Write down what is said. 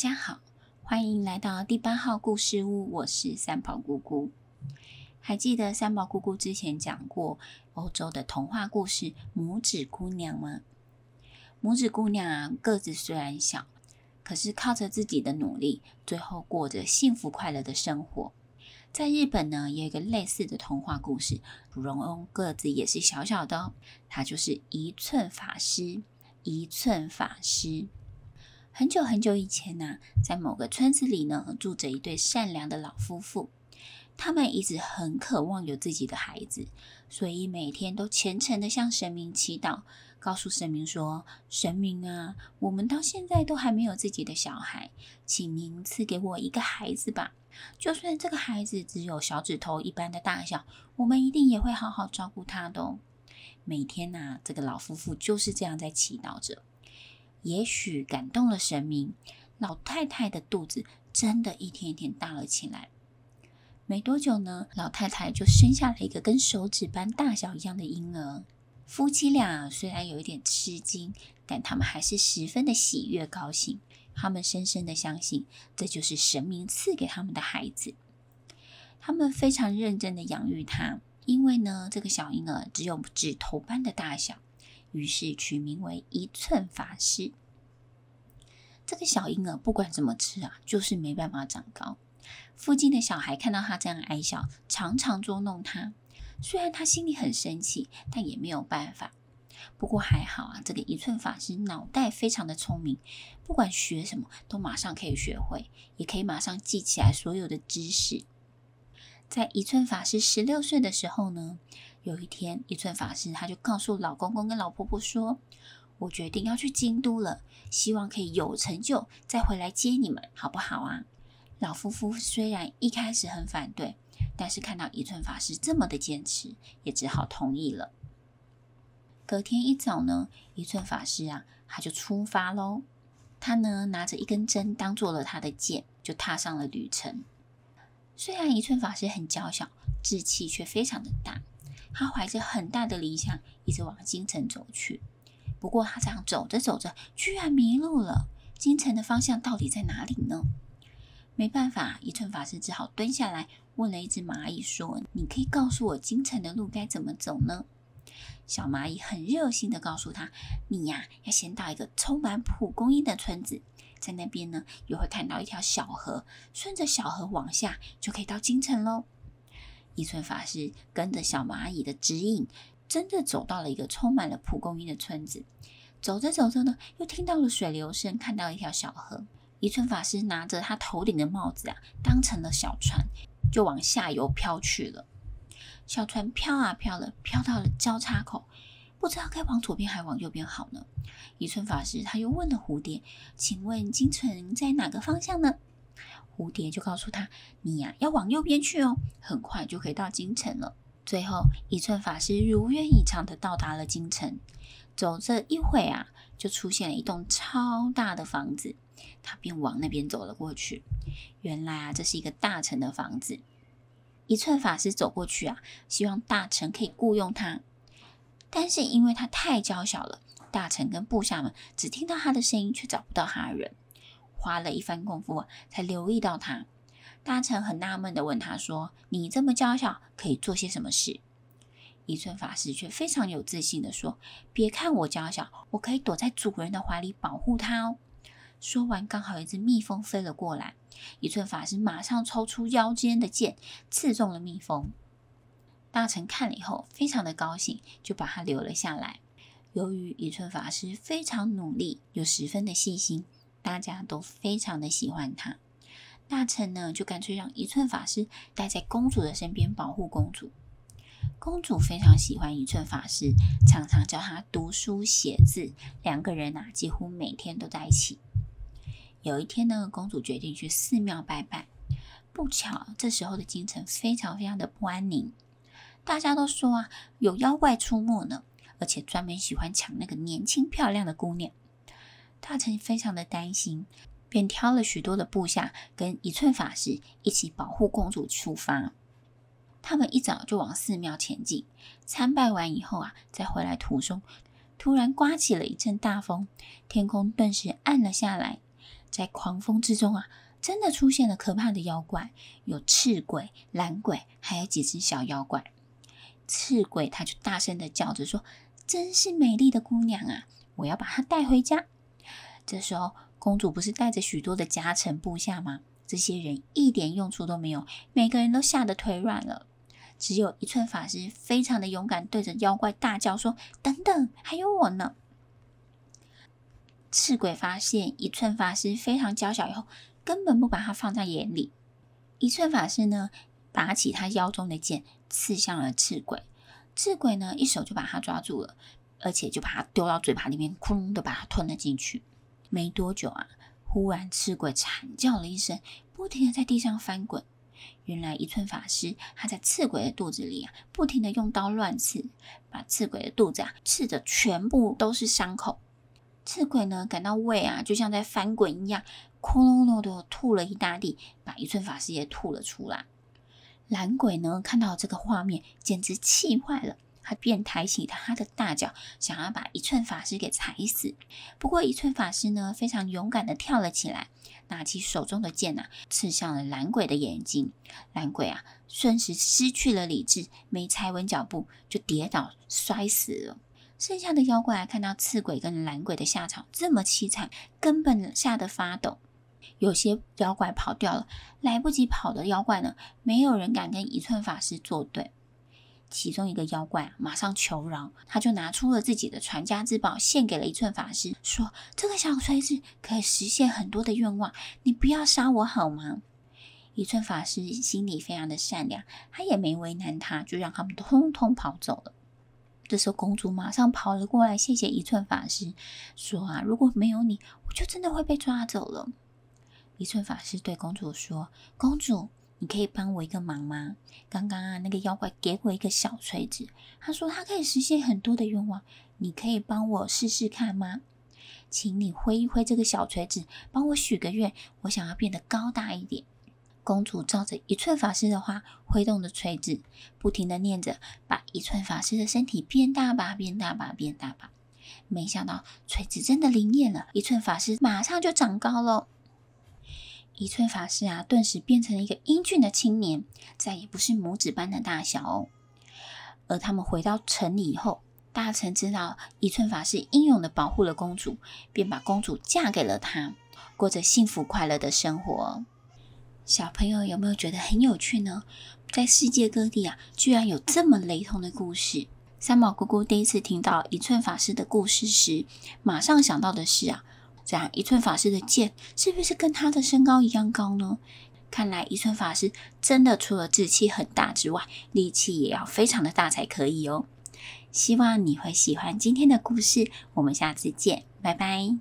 .大家好，歡迎來到第八號故事屋。我是三寶姑姑。還記得三寶姑姑之前講過歐洲的童話故事《拇指姑娘》嗎？拇指姑娘啊，個子雖然小，可是靠着自己的努力，最後過着幸福快樂的生活。在日本呢，有一個類似的童話故事，主人翁個子也是小小的哦，他就是一寸法師，一寸法師。很久很久以前吶、啊，在某個村子裡呢，住着一對善良的老夫婦。他們一直很渴望有自己的孩子，所以每天都虔誠的向神明祈禱，告訴神明說：“神明啊，我們到現在都還沒有自己的小孩，請您賜給我一個孩子吧！就算這個孩子只有小指頭一般的大小，我們一定也會好好照顧他的哦。”每天吶、啊，這個老夫婦就是這樣在祈禱着。也許感動了神明，老太太的肚子真的一天一天大了起來。沒多久呢，老太太就生下了一個跟手指般大小一樣的嬰兒。夫妻倆雖然有一點吃驚，但他們還是十分的喜悅高興。他們深深的相信，這就是神明賜給他們的孩子。他們非常認真的養育他，因為呢，這個小嬰兒只有指頭般的大小。於是取名為一寸法師。這個小嬰兒不管怎麼吃啊，就是沒辦法長高。附近的小孩看到他這樣矮小，常常捉弄他。雖然他心裡很生氣，但也沒有辦法。不過還好啊，這個一寸法師腦袋非常的聰明，不管學什麼都馬上可以學會，也可以馬上記起來所有的知識。在一寸法師十六歲的時候呢，有一天，一寸法師他就告訴老公公跟老婆婆說：“我決定要去京都了，希望可以有成就，再回來接你們，好不好啊？”老夫婦雖然一開始很反對，但是看到一寸法師這麼的堅持，也只好同意了。隔天一早呢，一寸法師啊，他就出發嘍。他呢拿着一根針當做了他的劍，就踏上了旅程。雖然一寸法師很嬌小，志氣卻非常的大。他懷着很大的理想，一直往京城走去。不過，他這樣走着走着，居然迷路了。京城的方向到底在哪裡呢？沒辦法，一寸法師只好蹲下來，問了一隻螞蟻說：“你可以告訴我京城的路該怎麼走呢？”小螞蟻很熱心地告訴他：“你呀、啊，要先到一個充滿蒲公英的村子，在那邊呢，又會看到一條小河，順着小河往下，就可以到京城嘍。”一寸法師跟着小螞蟻的指引，真的走到了一個充滿了蒲公英的村子。走着走着呢，又聽到了水流聲，看到一條小河。一寸法師拿着他頭頂的帽子啊，當成了小船，就往下游飄去了。小船飄啊飄的，飄到了交叉口，不知道該往左邊還是往右邊好呢。一寸法師他又問了蝴蝶：“請問京城在哪個方向呢？”蝴蝶就告訴他：“你呀、啊，要往右邊去哦，很快就可以到京城了。”最後一寸法師如願以償的到達了京城。走着一會啊，就出現了一棟超大的房子，他便往那邊走了過去。原來啊，這是一個大臣的房子。一寸法師走過去啊，希望大臣可以僱傭他，但是因為他太嬌小了，大臣跟部下們只聽到他的聲音，卻找不到他人。花了一番功夫才留意到他。大臣很納悶的問他說：“你這麼嬌小，可以做些什麼事？”一寸法師卻非常有自信的說：“別看我嬌小，我可以躲在主人的懷裡保護他哦。”說完，剛好一隻蜜蜂飛了過來，一寸法師馬上抽出腰間的劍，刺中了蜜蜂。大臣看了以後非常的高興，就把他留了下來。由於一寸法師非常努力又十分的細心。大家都非常的喜歡他，大臣呢就乾脆讓一寸法師待在公主的身邊保護公主。公主非常喜歡一寸法師，常常教他讀書寫字，兩個人啊幾乎每天都在一起。有一天呢，公主決定去寺廟拜拜，不巧這時候的京城非常非常的不安寧，大家都說啊，有妖怪出沒呢，而且專門喜歡搶那個年輕漂亮的姑娘。大臣非常的擔心，便挑了許多的部下跟一寸法師一起保護公主出發。他們一早就往寺廟前進，參拜完以後啊，在回來途中，突然颳起了一陣大風，天空頓時暗了下來。在狂風之中啊，真的出現了可怕的妖怪，有赤鬼、藍鬼，還有幾隻小妖怪。赤鬼他就大聲的叫着說：“真是美麗的姑娘啊，我要把她帶回家。”這時候，公主不是帶着許多的家臣部下嗎？這些人一點用處都沒有，每個人都嚇得腿軟了。只有一寸法師非常的勇敢，對着妖怪大叫說：“等等，還有我呢！”赤鬼發現一寸法師非常嬌小以後，根本不把他放在眼裡。一寸法師呢，拔起他腰中的劍，刺向了赤鬼。赤鬼呢，一手就把他抓住了，而且就把他丟到嘴巴裡面，窟窿的把他吞了進去。沒多久啊，忽然赤鬼慘叫了一聲，不停的在地上翻滾。原來一寸法師他在赤鬼的肚子裡啊，不停的用刀亂刺，把赤鬼的肚子啊刺的全部都是傷口。赤鬼呢，感到胃啊就像在翻滾一樣，咕嚕嚕的吐了一大地，把一寸法師也吐了出來。藍鬼呢，看到這個畫面，簡直氣壞了。他便抬起他的大腳，想要把一寸法師給踩死。不過一寸法師呢，非常勇敢地跳了起來，拿起手中的劍吶、啊，刺向了藍鬼的眼睛。藍鬼啊，瞬時失去了理智，沒踩穩腳步就跌倒摔死了。剩下的妖怪、啊、看到赤鬼跟藍鬼的下場這麼淒慘，根本嚇得發抖。有些妖怪跑掉了，來不及跑的妖怪呢，沒有人敢跟一寸法師作對。其中一個妖怪啊，馬上求饒，他就拿出了自己的傳家之寶，獻給了一寸法師，說：“這個小錘子可以實現很多的願望，你不要殺我好嗎？”一寸法師心裡非常的善良，他也沒為難他，就讓他們通通跑走了。這時候，公主馬上跑了過來，謝謝一寸法師，說：“啊，如果沒有你，我就真的會被抓走了。”一寸法師對公主說：“公主。”你可以幫我一個忙嗎？剛剛啊，那個妖怪給我一個小錘子，他說他可以實現很多的願望。你可以幫我試試看嗎？請你揮一揮這個小錘子，幫我許個願。我想要變得高大一點。公主照着一寸法師的話，揮動着錘子，不停地念着：“把一寸法師的身體變大吧，變大吧，變大吧。大”沒想到錘子真的靈驗了，一寸法師馬上就長高了。一寸法師啊，頓時變成了一個英俊的青年，再也不是拇指般的大小哦。而他們回到城裡以後，大臣知道一寸法師英勇地保護了公主，便把公主嫁給了他，過着幸福快樂的生活。小朋友有沒有覺得很有趣呢？在世界各地啊，居然有這麼雷同的故事。三寶菇菇第一次聽到一寸法師的故事時，馬上想到的是啊。這樣，一寸法師的劍是不是跟他的身高一樣高呢？看來一寸法師真的除了志氣很大之外，力氣也要非常的大才可以哦。希望你會喜歡今天的故事，我們下次見，拜拜。